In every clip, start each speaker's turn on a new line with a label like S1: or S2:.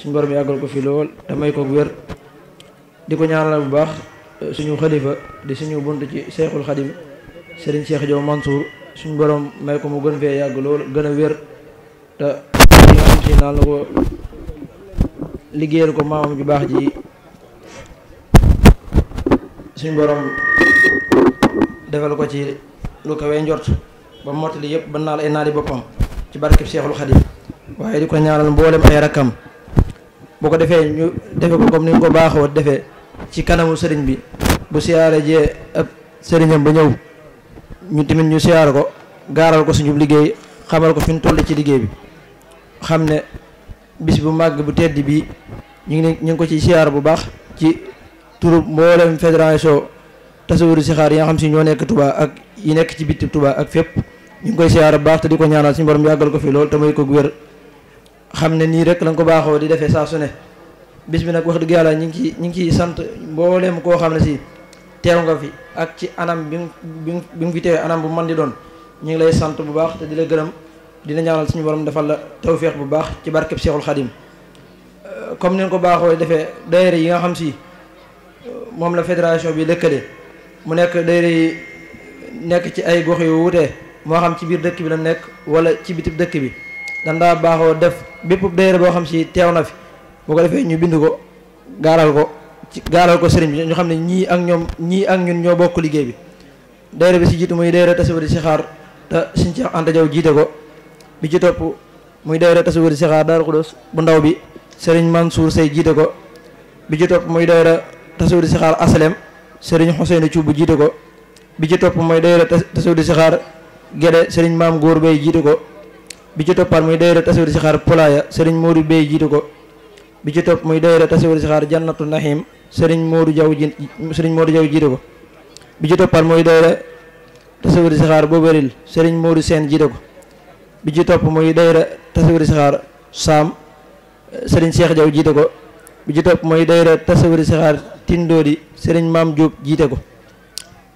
S1: suñu borom yàggal ko fi lool damay ko wér di ko ñaanal bu baax eh, suñu xalifa di suñu bunt ci cheikhul khadim Serigne Cheikh jow Mansour suñu borom may ko mu gën fee yàgg lool gën a wér te nga naan la ko liggéeyal ko maamam ju baax ji suñu borom defal ko ci lu kawee njort ba mottali yëpp ba naal ay naali boppam ci barkeb cheikhul khadim waaye di ko ñaanal mboolem ay rakam bu ko defee ñu defé ko comme ni ñu ko baaxoo defé ci kanamu sëriñ bi bu siara je ab sëriñam ba ñew ñu timin ñu siara ko garal ko suñu liggéey xamal ko fiñ ñu ci liggéey bi xam bis bu mag bu tedd bi ñu ngi ñu ko ci siara bu baax ci turu mboolem fédération tasawuru sixaar yi xam ci ñoo nekk tuba ak yi nekk ci bitti tuba ak fep ñu koy siara bu baax te diko ñaanal suñu borom yàggal ko fi lol te ko xam ne nii rek lañ ko baaxoo di defee saa su ne bis bi nag wax dëgg yàlla ñu ngi ciy ñu ngi ciy sant mbooleem koo xam ne si teew nga fi ak ci anam bi mu bi fi teewee anam bu man di doon ñu ngi lay sant bu baax di la gërëm dina suñu borom defal la tawféex bu baax ci barkeb Seexul Xadim euh, comme ni ko baaxoo defee daayira yi nga xam si euh, moom la fédération bi lëkkale mu nekk daayira yi nekk ci ay gox yu wuute moo xam ci biir dëkk bi la nekk wala ci bitib dëkk bi. dan daa baaxoo def bépp daayira boo xam si teew na fi boo ko defee ñu bind ko gaaral ko ci gaaral ko sëriñ bi ñu xam ne ñii ak ñoom ñii ak ñun ñoo bokk liggéey bi daayira bi si jiit muy daayira tasawur si xaar te suñ ci Anta Jaw jiite ko bi ci topp muy daayira tasawur si xaar Daaru Xudoos bu ndaw bi sëriñ Mansour Sey jiite ko bi ci topp muy daayira tasawur si xaar Asalem sëriñ Xuseynu Cuub jiite ko bi ci mooy daayira tasawur si xaar Gede sëriñ Maam Góor Bay jiite ko bi ci toppaat muy daayira tasawir si xaar polaaya sëriñ Modou Bey jiite ko bi ci topp muy daayira tasawir si xaar jannatu nahim sëriñ Modou Jaw ji sëriñ Modou Jaw ko bi ci toppaat muy daayira tasawir si xaar boobaril sëriñ Modou Seen jiite ko bi ci topp muy daayira tasawir si xaar saam sëriñ Cheikh Jaw jiite ko bi ci topp mooy daayira tasawir si xaar tindoodi sëriñ Maam Diop jiite ko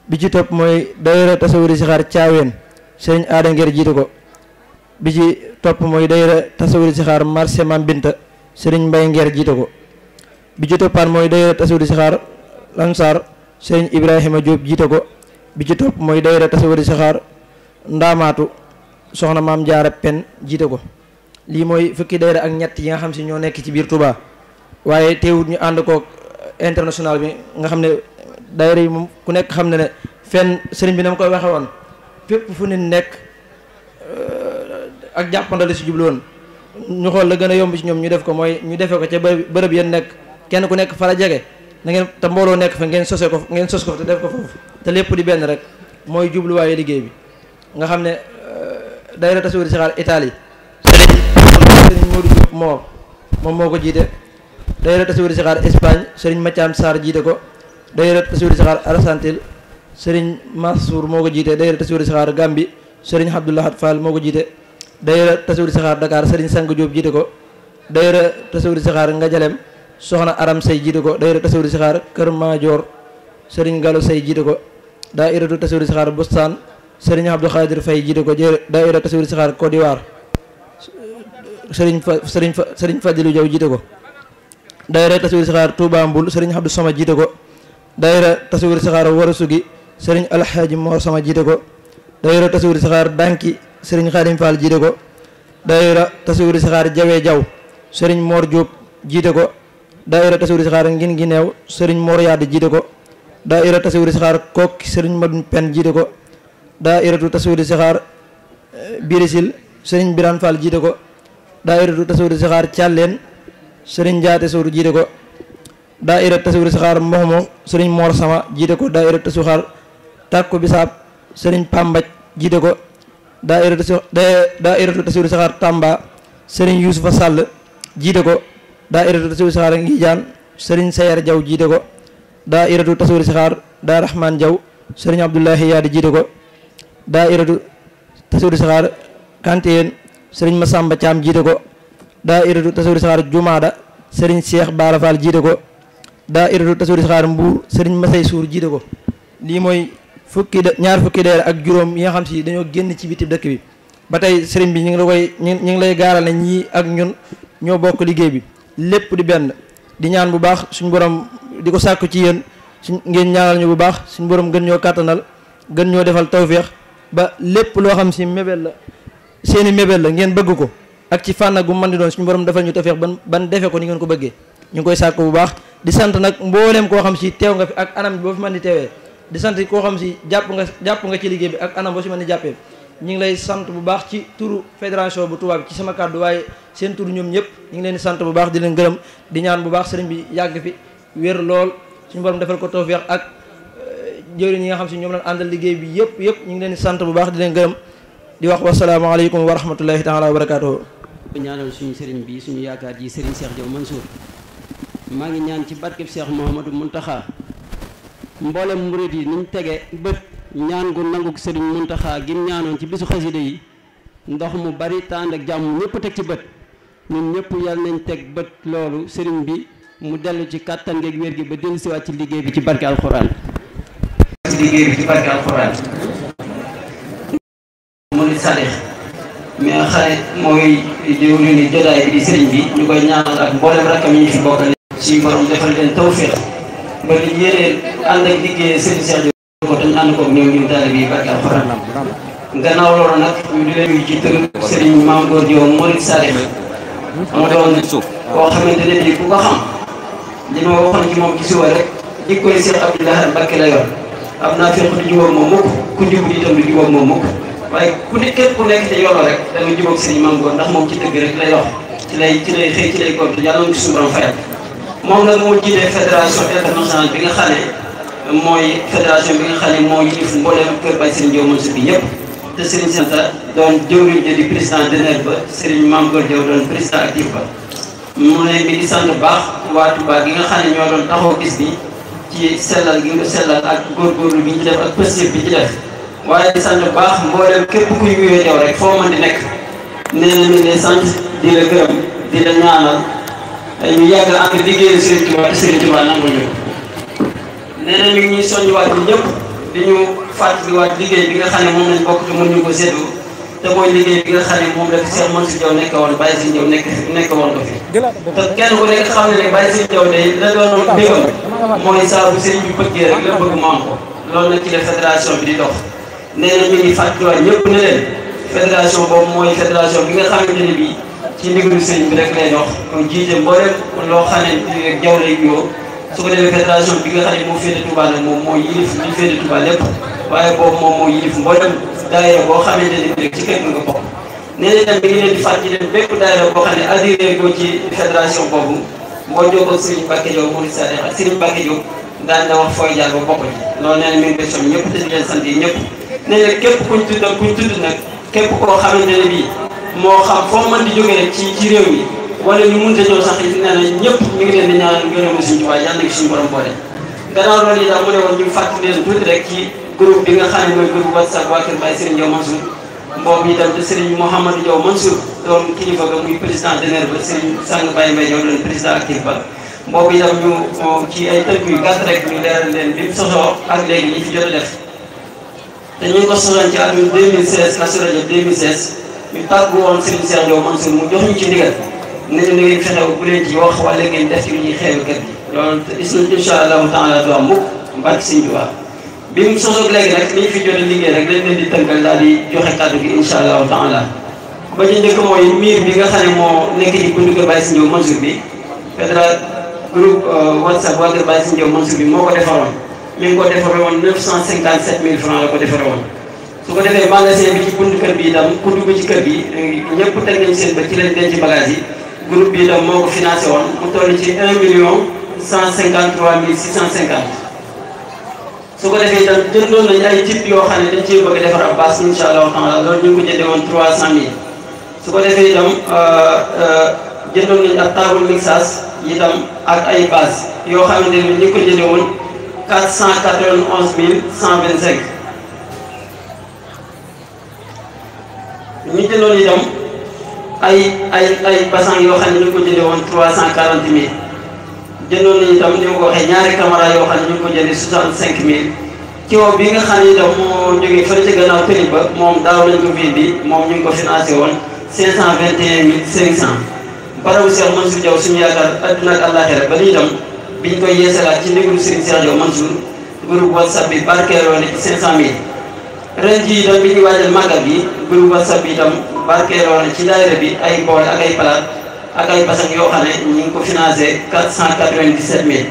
S1: bi ci topp mooy daayira tasawir si xaar caaween sëriñ Aada jiite ko bi ci topp mooy dayra tasawur sixaar marché mam Binta Serigne Mbaye Nguer jito ko bi ci toppaat mooy dayra tasawur sixaar Lansar Serigne Ibrahima job jito ko bi ci topp mooy dayra tasawur sixaar ndamatu soxna mam Jaara Pen jiite ko lii mooy fukki dayra ak ñett yi nga xam ci ño nek ci biir Touba waye teewut ñu and ko international bi nga xamne ne yi moom ku nek xamne ne fen serigne bi nam koy waxawon fepp fu ne nek euh, ak jàppandale si jubloon ñu xol la gëna yomb ci ñom ñu def ko moy ñu defé ko ci bërepp yéen ya nek kenn ku nek fa la jégué na ngeen ta mbolo nek fa ngeen sosé ko ngeen sos ko te def ko fofu te lepp di ben rek mooy waye liggéey bi nga xamné ne euh, daayira suuri Sixaar Italie sëriñ Modou Diop moo moom moo ko jiite daayira Tasawudu Sixaar Espagne serigne matiam sar jité ko daayira Tasawudu Sixaar arsantil serigne Mansour moko jité jiite daayira suuri Gambie serigne abdullah Fall moko jité daayira Tasuri saxaar Dakar Serigne sangu Diop jiite ko daayira tasawur saxaar nga jalem soxna aram say jiite ko Tasuri tasawur saxaar kër Maajoor Serigne Gallo say jiite ko daayiratu tasawur saxaar Bustaan Serigne Abdou Khadir Faye jiite ko daayira tasawur saxaar Côte d'Ivoire Serigne Serigne Serigne Fadilou Diaw jiite ko daayira tasawur saxaar Touba Mboul Serigne Abdou Sama jiite ko daayira tasawur saxaar Warasugi Serigne Alhaji Mor Sama jiite ko daayira tasawur Danki sëriñ Xaadim Fall jiite ko daayira tasawuri sixaar jawee jaw sëriñ Mor Diop jiite ko daayira tasawuri sixaar ngin gi neew sëriñ Mor Yadd jiite ko daayira tasawuri sixaar kokki sëriñ Madun Pen jiite ko daayiratu tasawuri sixaar eh, birisil sëriñ Biraan Fall jiite ko daayiratu tasawuri sixaar càlleen sëriñ Jaate Sowru jiite ko daayira tasawuri sixaar moxmo sëriñ moor Sama jiite ko daayira tasawuri sixaar tàkku bisaab sëriñ Pambaj jiite ko daairatu daairatu tasiru saxaar Tamba Serigne Youssoufa Sall jiite ko daairatu tasiru saxaar Ngijaan Serigne Sayar Jaw jiite ko daairatu tasiru saxaar daa Rahman Jaw Serigne Abdoulahi Yaadi jiite ko daairatu tasiru saxaar Kantiyeen Serigne Masamba Thiam jiite ko daa tasiru saxaar Jumaada Serigne Cheikh Bara Fall jiite ko daairatu tasiru saxaar Mbuur Serigne Masay Suur jiite ko lii mooy fukki nyar ñaar fukki deer ak juroom yi nga xam ci dañoo genn ci biti dëkk bi ba tey sëriñ bi ñi ngi la koy ngi lay ak ñun ñoo bokk liggéey bi lépp di benn di ñaan bu baax suñu borom di ko ci yéen ngeen ñaanal ñu bu baax suñu borom gën ñoo kàttanal gën ñoo defal ba lépp loo xam si mebel la seeni mebel la ngeen bëgg ko ak ci fànn gu mën di doon suñu borom defal ñu ban ban defee ko ni ngeen ko bëggee ñu ngi koy sàkku bu baax di sant nag mbooleem koo xam si teew nga fi ak anam boo fi mën di teewee di sant ko xam si japp nga japp nga ci liguey bi ak anam bo ci mën jappé ñi ngi lay sant bu baax ci touru fédération bu Touba bi ci sama cadeau way seen turu ñom ñëpp ñi ngi leen di sant bu baax di leen gërëm di ñaan bu baax sëriñ bi yàgg fi wër lool suñu borom defal ko tawfeex ak eh, jëri ñi nga xam si ñom lañ andal liguey bi yëpp yëpp ñi ngi leen di sant bu baax di leen gërëm di wax alaykum wa rahmatullahi taala wa barakaatuhu ñaanal suñu sëriñ bi suñu yaakaar ji sëriñ Cheikh
S2: Diaw Mansour ma ngi ñaan ci barke Cheikh Mouhamadou muntaha boleh mouride yi niñ tégué bët ñaan gu nanguk serigne muntaha gi ñaanon ci bisu xasida yi ndox mu bari tànd ak jamm ñepp tek ci bët ñun ñepp yal nañ tek bët lolu serigne bi mu dellu ci katan ngeeg wër gi ba ci siwaat ci liggéey bi ci barke alxuraan ci liggéey bi ci mi ni jotaay bi di bi ñu ñaanal ak mboolem rakkam yi ñu fi borom defal tawfiq ba li yéeneen ànd ak liggéey seen si Jom ko dañ ànd koog ñoom ñun taalibe moom la mukk waaye ku ne ku nekk te rek da nga jubóog Serigne ndax moom ci dëgg rek lay wax ci lay ci lay xëy ci lay gont yàlla na ci suñu borom moo nag moo jiite fédération internationale bi nga xam ne mooy fédération bi nga xam ne moo yilif mboolem kër bay Serigne Diop Mansour bi ñëpp te Serigne Santa doon jëwriñ ji di président d'honneur ba Serigne Mame Gor Diop doon président actif ba mu ne mi di sant baax waa Touba gi nga xam ne ñoo doon taxaw gis bi ci sellal gi nga sellal ak góorgóorlu bi ñu ci def ak pëstif bi ci waaye di sant baax mboolem képp kuy wuyoo yow rek foo mën di nekk nee ñu yàgg la ak liggéeyal Serigne Touba te Serigne Touba nangu ñu nee na mi ngi ñuy soññiwaat ñun ñëpp di ñu fàttaliwaat liggéey bi nga xam ne moom lañ ñu ko seddu te liggéey bi nga xam ne moom la fi Cheikh Mansour Diaw nekk la doon déggoon mooy saa bu Serigne bi bëggee rek la bëgg mu ko loolu nag ci la fédération bi di dox nee na mi ngi fàttaliwaat ñëpp ne leen boobu mooy fédération bi nga xamante ne bii ci ndigalu sëñ bi rek lay dox kon jiite mbooleem loo xam ne rek jaww lay ñëw su ko defee fédération bi nga xam ne moo féete Touba nag moom moo yilif li boobu moom nga wax fooy jaar ba bokk ci loolu nee na mi ngi koy te di leen sant yi ñëpp nee képp kuñ tudd kuñ tudd nag képp koo xamante ne bii moo xam foo mën di jógee ci ci réew mi wala ñu mënta ñëw sax it nee na ñëpp ñu ngi leen di ñaanal ngërëmu Sëriñ Tuubaa yàlla na ci suñu borom boole gannaaw loolu itam mu ne woon ñu fàttali leen tuuti rek ci groupe bi nga xam mooy groupe WhatsApp waa Kër Baye Serigne Diaw Mansour mboobu itam te Serigne Mouhamadou Diaw Mansour doon kilifa ga muy président d'honneur ba Serigne Sang Baye Mbaye Diaw leen président actif ba mboobu itam ñu ci yu gàtt rek ñu leeral leen bi mu sosoo ak léegi ñi fi a ci atum 2016 assuré ñu tàggu woon Serigne Cheikh Ndiob Mansour mu jox ñu ci ndigal nañu ne ngeen fexe bu leen wax wala ngeen def ci lu ñuy xeewi kër gi loolu is incha allahu fi jot a liggéey rek dañ di tënkal daal di joxe kàddu gi incha allahu taala ba ci njëkk mooy miir bi nga xam ne moo nekk ci buntu kër Baye Sëñ Ndiob bi fédéral groupe euh, whatsapp waa kër Baye Sëñ Ndiob Mansour bi moo ko defaroon mi ngi ko defaroon 957000 francs la ko defaroon su ko defee magasin bi ci bunt kër bi itam ku dugg ci kër gi ñëpp teg nañ seen ba ci lañ denc bagage yi groupe bi itam moo ko financé woon mu toll ci 1 million 153 mille 650. su ko defee itam jëndoon nañ ay type yoo xam ne dañ cee bëgg defar ab bâche incha allahu taala loolu ñu ngi ko jëndee woon 300 su ko defee itam euh, euh, jëndoon nañ ak table mixage itam ak ay bâche yoo xam ne ñu ngi ko jëndee woon 491 mille 125. ñu jëndoon itam ay ay ay bassin yoo xam ne ñu ngi ko jëndee woon trois cent quarante mille jëndoon nañu itam ni ma ko waxee ñaari caméra yoo xam ne ñu ngi ko jëndee soixante cinq mille kiwo bi nga xam ne itam moo jógee fële ca gannaaw këri ba moom daaw lañ bi ñu ngi ko financé woon cinq cent vingt et un mille cinq cent barabu Cheikh ni itam biñ koy yeesalaat ci WhatsApp bi barkeeloo ne ci cinq cent mille ren jii itam bi ñu waajal màggal gi groupe whatsapp itam barkeeloo na ci daayira bi ay bool ak ay palaat ak ay basan yoo xam ne ñu ngi ko financé quatre cent quatre-vingt-dix-sept mille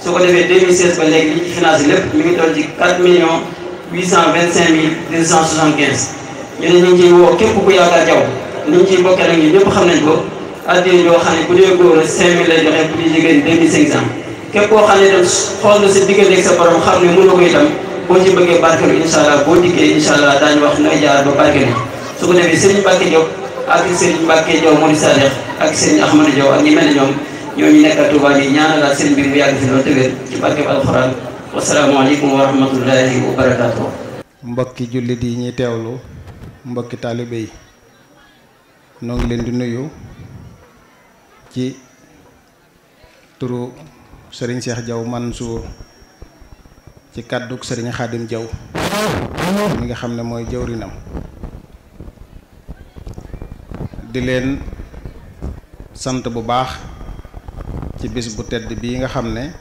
S2: su ko defee 2016 ba léegi li ñu ci financé lépp mi ngi doon ci quatre millions huit cent vingt woo képp ku yaakaar jaww ni ñu ciy bokkee nag ñu ñëpp xam nañ ko addee yoo xam ne bu dee góor cinq mille lay joxe bu dee jigéen deux mille cinq cent képp koo xam ne itam xool na sa diggante ak sa borom xam boo ci bëggee barkelu incha allah boo dikkee incha allah daañu wax nooy jaar ba barkelu su ko defee sëriñ Mbacke Diop ak sëriñ Mbacke Diop Mori Sadikh ak sëriñ Ahmadou Diop ak ñi mel ne ñoom ñooñu nekk Touba bi ñaanalaat sëriñ bi mu yàgg fi loolu tëgër ci barkeb alxuraan wasalaamaaleykum wa rahmatullahi wa barakaatu.
S3: mbokki jullit yi ñuy teewlu mbokki taalibe yi noo ngi leen di nuyu ci turu sëriñ Cheikh Diaw Mansour. ci kaddu serigne khadim jauh, mi nga xamne moy jawrinam di len sante bu baax ci bis bu tedd bi nga xamne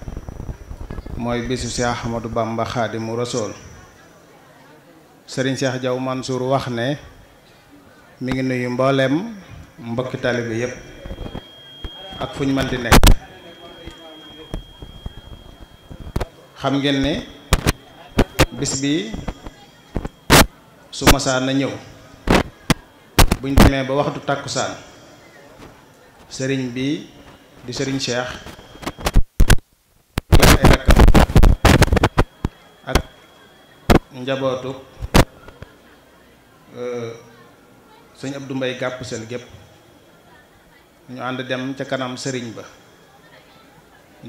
S3: moy mooy bisu Seex Ahmadu Bamba khadim rasoul serigne kita lebih, Mansour wax ne mi ngi nuyu mbollem yeb ak fuñu man di nek xam ngeen ne bis bi su masaan na ñew buñ démé ba waxtu takusan sëriñ bi di sëriñ Cheikh ay rakkam ak njabootu euh, sëriñ Abdou mbay gap seen gep ñu and dem ci kanam sëriñ ba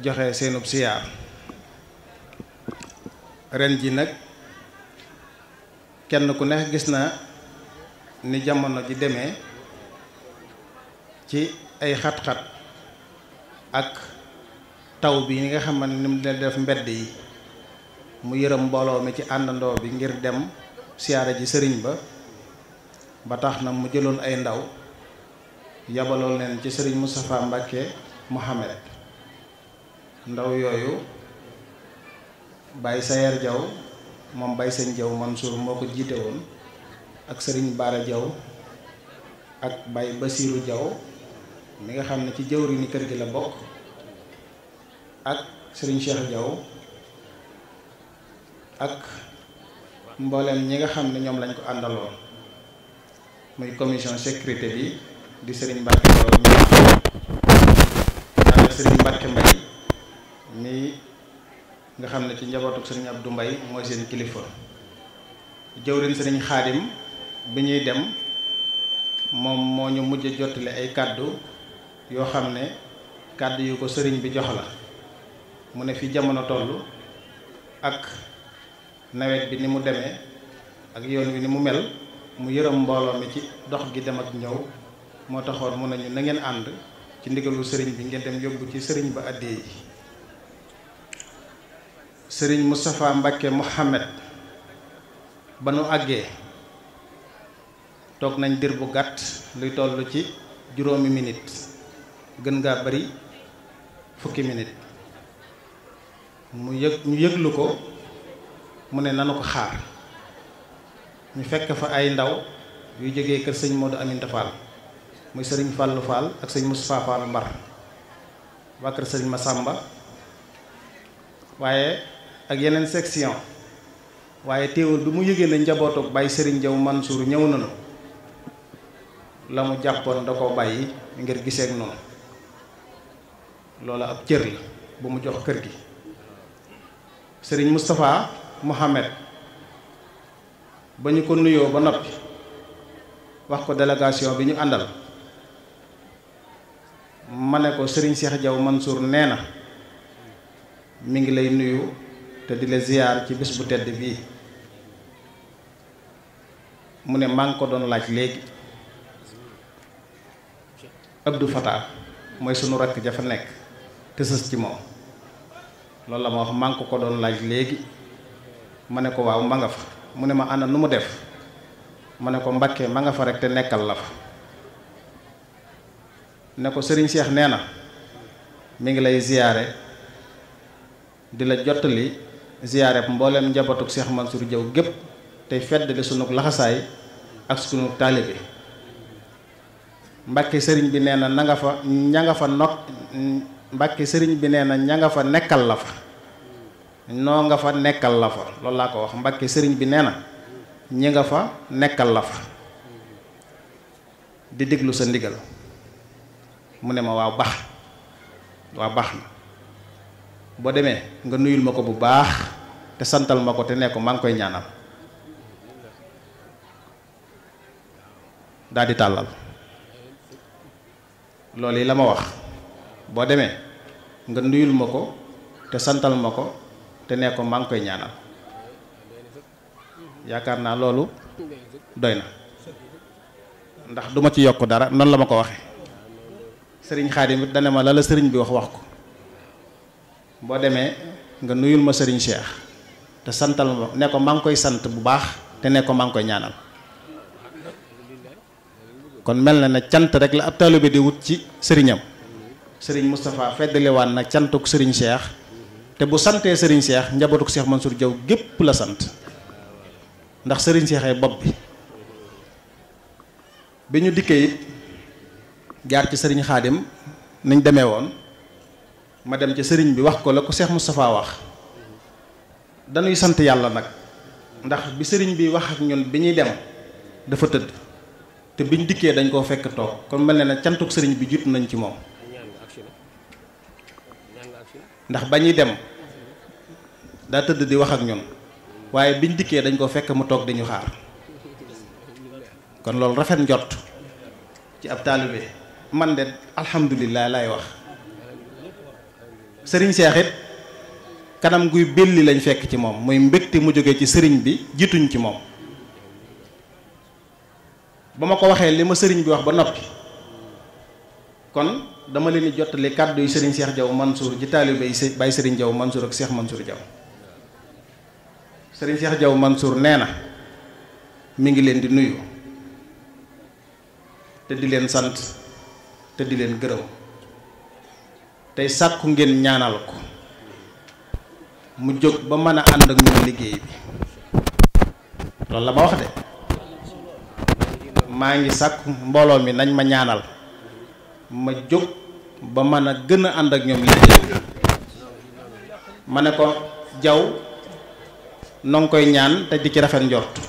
S3: joxé siyar ren ji nag kenn ku nekk gis na ni jamono ji demee ci ay xat-xat ak taw bi ni nga xam ne ni mu def mbedd yi mu yërëm mbooloo mi ci àndandoo bi ngir dem siyaare ji sëriñ ba ba tax na mu jëloon ay ndaw yabaloon leen ci sëriñ Moustapha Mbacke Mohamed ndaw yooyu bay Sayer jaw mom bay Sëñ jaw Mansour moko jité won ak Serigne Bara jaw ak bay Basirou jaw mi nga xam ci jawri ni kër gi la bok ak Serigne Cheikh jaw ak mbooleem ñi nga xam ñom lañ ko àndaloon muy commission sécurité bi di Serigne Mbacke Diaw Serigne Mbacke nga xamne ne ci njabootuk serigne Abdou mbay moy seen kilifa jëwriñ serigne khadim biñuy dem mom moñu ñu mujj jottali ay cadeau yo xam ne yu ko serigne bi jox la mu ne fi jamono tollu ak nawet bi ni mu demee ak yoon wi ni mu mel mu yërëm mbolo mi ci dox gi dem ak ñew mo taxoon mu nañu na ngeen and ci ndigalu serigne bi ngeen dem yobbu ci serigne ba àddee sëriñ mustafaa Mbacke Mohamed ba nu àggee toog nañ dir bu gàtt luy toll ci juróomi minit gën gaa bari fukki minit mu yëg ñu yëglu ko mu ne nanu ko xaar ñu fekk fa ay ndaw yu jóge kër sëñ Modou Aminta Fall muy sëriñ Fallou Fall ak sëñ Moustapha Fall Mbar waa kër sëriñ Massamba waaye ak yeneen section waaye teewul bi mu yëgee na njabootu bay Serigne jaw Mansour ñëw na la mu jàppoon da ko bàyyi ngir gisee ak noonu loola ab cër la bu mu jox kër gi Serigne mustapha Mohamed ba ñu ko nuyoo ba noppi wax ko délégation bi ñu àndal ma ne ko Serigne Cheikh Diaw Mansour nee na mi ngi lay nuyu. te di la ziyaar ci bés bu tedd bii mu ne maa ko doon laaj léegi Abdou Fatah mooy sunu rakk ja fa nekk te ci moom loolu la ma wax maa ko ko doon laaj léegi ma ne ko waaw ma nga fa mu ne ma ana nu mu def ma ne ko Mbàkke ma nga fa rek te nekkal la fa ne ko sëriñ seex nee na mi ngi lay ziyaare di la jottali ziaré mbooleem njabootug Cheikh Mansour Diaw gépp fedd feddali sunuk laxasaay ak sunu talibé mbacké sëriñ bi néna nga fa ñanga fa nok mbacké sëriñ bi néna ñanga fa nekkal la fa no nga fa nekkal la fa lool la ko wax mbacké sëriñ bi néna fa nekkal la fa di déglu sa ndigal mu ne ma waaw bax waaw bo démé nga nuyul mako bu baax te santal mako te nyana, mang koy ñaanal daal di tàllal loolu yi wax bo demee nga nduyul mako te santal mako te mang koy ñaanal yakarna doyna ndax duma ci yok dara non la mako waxe sëriñ khadim it dane ma la la sëriñ bi wax wax ko bo nga nuyul ma Cheikh te santal ma ne ko mang koy sante bu baax te ne ko mang koy ñaanal kon melna na ne rek la ab taalibe di wut ci sëriñam mustapha fédélé wan na cantuk sëriñ Cheikh te bu santé sëriñ Cheikh njabootuk Cheikh Mansour Diaw gep la sante ndax sëriñ Cheikh ay bopp bi biñu diké dikkee jaar ci sëriñ khadim nañ démé won ma dem ci bi wax ko la ko Cheikh mustapha wax dañuy sant yàlla nag ndax bi sëriñ bi wax ak ñun bi ñuy dem dafa tëdd te biñ dikkee dañ koo fekk toog kon mel na cantuk sëriñ bi jut nañ ci moom ndax ba ñuy dem daa tëdd di wax ak ñun waaye biñ dikkee dañ koo fekk mu toog di ñu xaar kon loolu rafet njot ci ab taalibe man de alhamdulilah laay wax sëriñ cheikh it kanam guy belli lañ fekk ci moom mooy mbégte mu jóge ci sëriñ bi jiituñ ci moom ba ma ko waxee li ma sëriñ bi wax ba noppi kon dama leen di jottali kàddu yi sëriñ seex jaw Mansour ji taalibe bay bàyyi sëriñ Diaw Mansour ak Cheikh Mansour jaw sëriñ Cheikh Diaw Mansour nee na mi ngi leen di nuyu te di leen sant te di leen gërëm tey sàkku ngeen ñaanal ko mu jóg ba mën a ànd ak ñun liggéey bi loolu la ma wax de maa ngi sàkk mbooloo mi nañ ma ñaanal ma jóg ba mën a gën a ànd ak ñoom liggéey bi ma ne ko jaw noo ngi koy ñaan te di ci rafet njort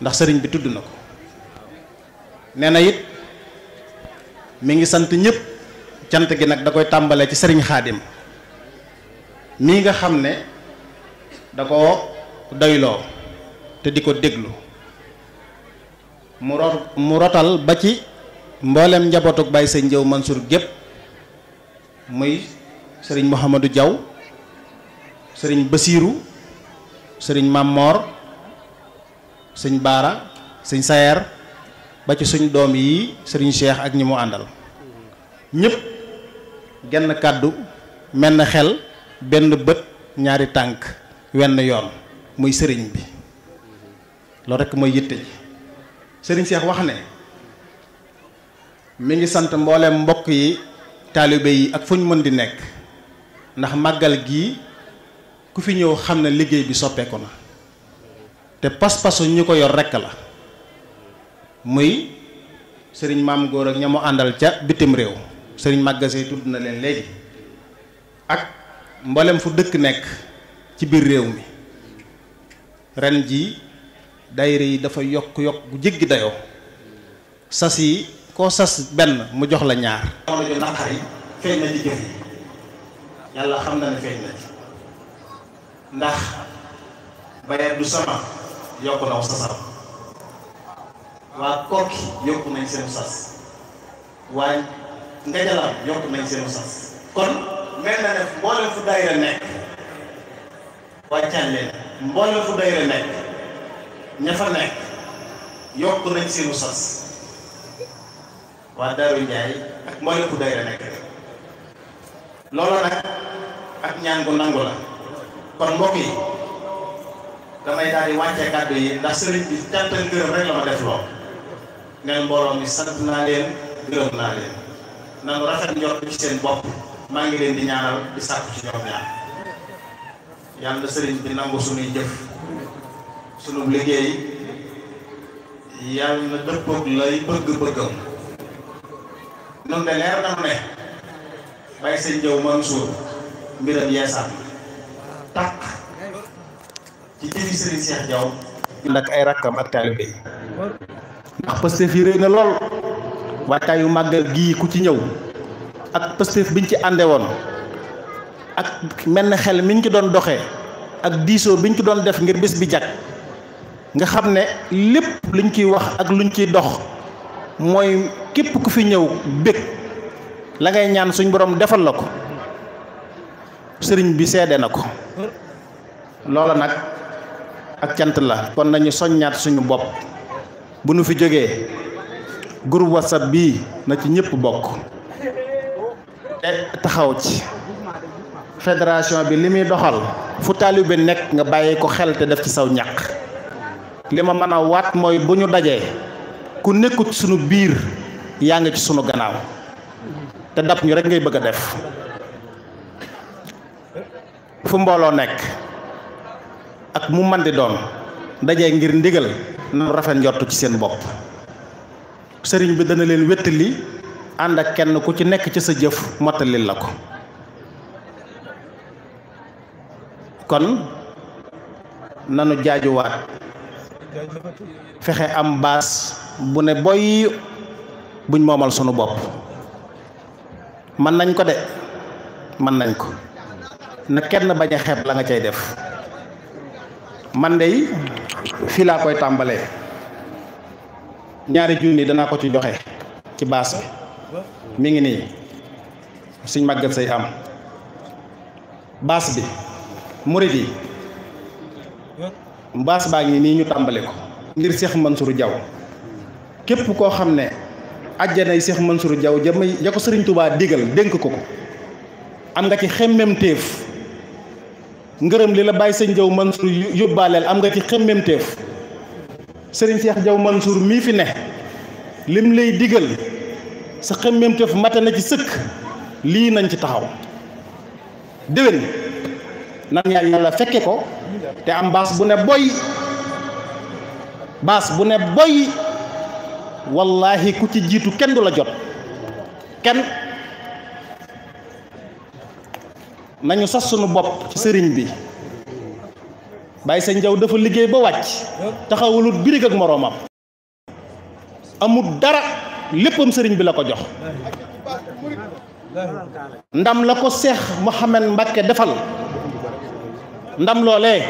S3: ndax sëriñ bi tudd na ko nee na it mu ngi sant ñëpp cant gi nag da koy tàmbalee ci sëriñ xaadim mi nga xamne dako doylo Muratal te diko deglu mu Mansur rotal ba ci mbollem njabotuk bay seigne jëw Mansour gep muy serigne mohamedou Diaw serigne Basirou serigne Mamor serigne Bara, serigne Sayer ba ci suñ dom yi serigne Cheikh ak ñimu andal ñep genn kaddu melna xel benn bët ñaari tànk wenn yoon muy sëriñ bi loolu rekk mooy yitte ji sëriñ Seex wax ne mi ngi sant mboolem mbokk yi taalibe yi ak fu ñu mën di nekk ndax màggal gii ku fi ñëw xam ne liggéey bi soppeeku na te pas-pasu ñu ko yor rekk la muy sëriñ maam góor ak ña àndal ca bitim réew sëriñ màggasee tudd na leen léegi ak mboolem fu dëkk nekk ci biir réew mi ren ji daayira yi dafa yokk yokk bu jéggi dayoo sas yi koo sas benn mu jox la ñaar jamono ju naqar xam na ne feeñ na ndax bayeer du sama yokk na waa kokki yokk nañ seen sas waa ngajalaam yokk nañ seen sas kon mel na ne mboolem fu dayra nekk wàccan leen mboolem fu dayra nekk ña fa nekk yokk nañ seenu sos waa Daaru Njaay ak mboolem fu dayra nekk loola nag ak ñaan gu nangu la kon mbokk yi damay daal di wàccee kàddu yi ndax sëriñ bi cant ak gërëm rek la ma def loo neen mbooloo mi sant naa leen gërëm naa leen nanu rafet njort ci seen bopp maa ngi leen di ñaanal di sàkku ci ñoom ñaan sëriñ bi nangu jëf sunu liggéey yàlla dëppoog lay bëgg-bëggam nun de leer na ne bàyyi sëñ jëw Mansour mbiram yeesal takk ci jëfi sëriñ Cheikh Diaw ndak ay rakkam ak taalibe ndax Pastef ku ci ak pëstéef biñ ci andé won ak melni xel miñ ci doon doxé ak diisoo biñ ci doon def ngir bis bi jak nga xamné ne luñ ciy wax ak luñ ciy dox moy képp ku fi ñew bég la ngay ñaan suñ borom defal lako sëriñ bi sédé nako ko nak ak cant la kon nañu soññaat suñu bop bu nu fi joggé groupe whatsapp bi na ci ñepp bokku taxaw ci fédération bi limi doxal fu talibé nek nga bayé ko xel té def ci saw ñak lima mëna wat moy buñu dajé ku nekkut suñu biir ya nga ci suñu gannaaw té dab ñu rek ngay bëgg def fu mbolo nek ak mu man di doon dajé ngir ndigal na rafet ñortu ci seen bop sëriñ bi dana leen wétali ànd ak kenn ku ci nekk ci sa jëf mottalil la ko kon nanu jaajuwaat fexe am baas bu ne boy buñ moomal sunu bopp mën nañ ko de mën nañ ko na kenn bañ a xeeb la nga cay def man de fii laa koy tàmbalee ñaari junni danaa ko ci joxe ci baas bi mi ngi ni seigne màggat say am bass bi mourid yi baas ba ngi ni ñu tambalé ko ngir Cheikh Mansour Diaw kep ko xamné aljana Cheikh Mansour Diaw ja ya ko Sëriñ touba digal denk ko ko am nga ci xemem teef ngeureum lila la bàyyi Diaw Mansour yobalel am nga ci xemem teef Cheikh Diaw Mansour mi fi ne lim lay digal sa xemmemteef mata na ci seuk li nañ ci taxaw déwén nan ñaan yalla fekke ko te am bass bu ne boy bass bu ne boy wallahi ku ci jitu ken dula jot ken nañu sas sunu bop ci serign bi bàyyi señ jaw dafa liggey ba wacc taxawulut birig ak moromam amut dara léppam sëriñ bi la ko jox ndam la ko seex Mouhamed Mbacke defal ndam loolee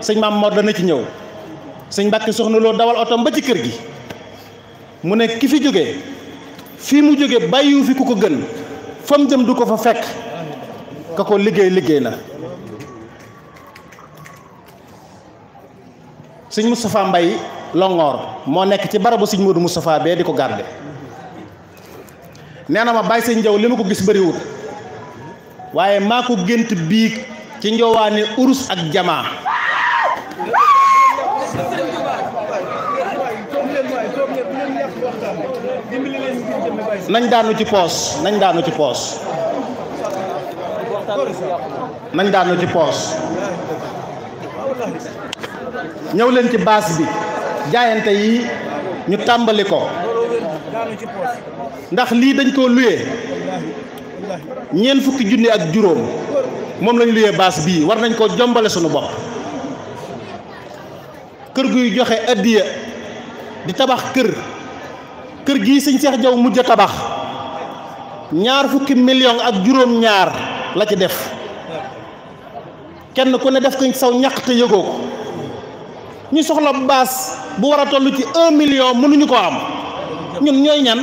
S3: sëñ maam Mor dana ci ñëw sëñ Mbacke soxna loo dawal otom ba ci kër gi mu ne ki fi jóge fii mu jóge bàyyiwu fi ku ko gën fa jëm du ko fa fekk ka ko liggéey liggéey na sëñ Moustapha mbay Longoor moo nekk ci barabu sëñ Modou Moustapha bee di ko garde nee na ma bàyyi sëñ njaw li ma ko gis bëriwut waaye maa ko gént biig ci njowaane urus ak jamaa nañ daanu ci poos nañ daanu ci poos nañ daanu ñëw leen ci baas bi jaayante yi ñu tàmbali ko ndax li dañ ko luyé ñeen fukk junni ak juroom mom lañ luyé bass bi war nañ ko jombalé suñu bop kër guy joxé adiya di tabax kër kër gi señ cheikh Jaw mujj tabax ñaar fukk million ak juroom ñaar la ci def kenn ku ne def ko saw ñak te yego ñu soxla bass bu wara tollu ci 1 million mënuñu ko am ñun ñoy ñan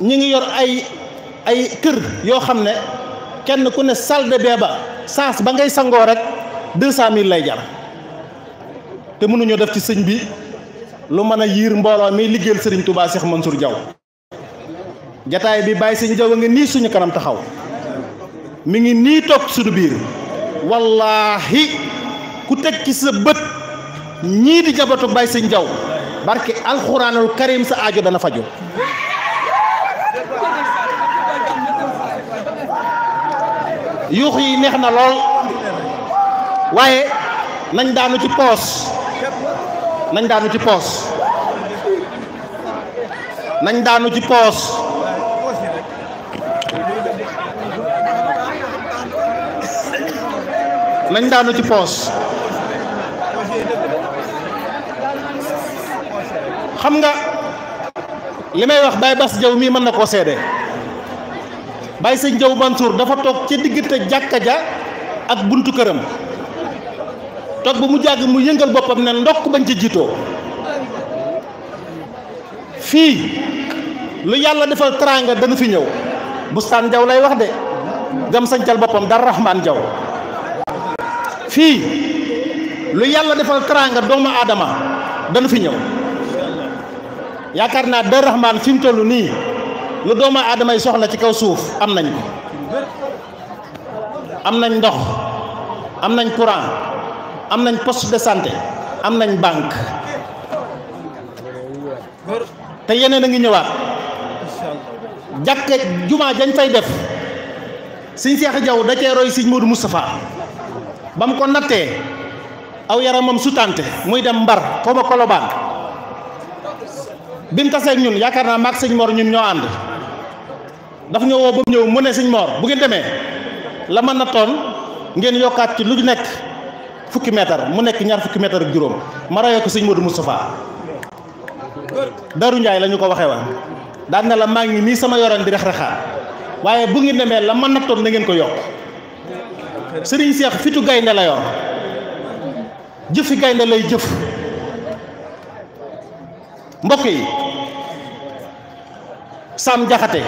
S3: ñi ngi yor ay ay kër yo xamne kenn ku ne salle de bain sans ba ngay sango rek 200000 cent mille lay jar te mënuñoo def ci sëñ bi lu mëna yir mbolo mi liggéel sëñ Touba Cheikh Mansour Diaw jotaay bi bay sëñ Diaw nga ni suñu kanam taxaw mi ngi ni tok suñu bir wallahi ku tek ci sa bët ñi di jabatu bay seigne jaw barke alquranul karim sa aajo dana faju yuux yi neex na lool nañ daanu ci pos nañ daanu ci pos nañ daanu ci pos nañ daanu ci pos xam nga limay wax bay Bass Jaw mi man nako sédé bay seigne Jaw Mansour dafa tok ci digité jakka ja ak buntu kërëm tok bu mu jagg mu yëngal bopam ne ndokk bañ ci jito fi lu yalla defal tranga dañ fi ñew bustan jaw lay wax de gam sañtal bopam dar rahman jaw fi lu yalla defal tranga doomu adama dañ fi ñew yaakaar naa Daaru Rahman fi mu toll nii lu doomu aadama yi soxla ci kaw suuf am nañ am nañ ndox am nañ courant am nañ poste de santé am nañ bànk te yeneen a ngi ñëwaat jàkka jumaa dañ fay def sëñ Seex Jaw da cee roy sëñ Moodu Moustapha ba mu ko nattee aw yaramam sutante muy dem mbar xaw ma Kolobaan bi mu taseeg ñun yaakaar naa maag sëñ Mor ñun ñoo ànd dafa ñoo woo ba mu ñëw mu ne sëñ Mor bu ngeen demee la mën na toon ngeen yokkaat ci lu nekk fukki mètre mu nekk ñaar fukki mètre ak juróom ma rayee ko sëñ Modou Moustapha Darou Ndiaye la ñu ko waxee wa daan na la maa ngi nii sama yoran di rex rexaa waaye bu ngeen demee la mën na toon na ngeen ko yokk sëriñ Seex fitu gaynde la yor jëfi gaynde lay jëf mbokk yi Sam Jaxate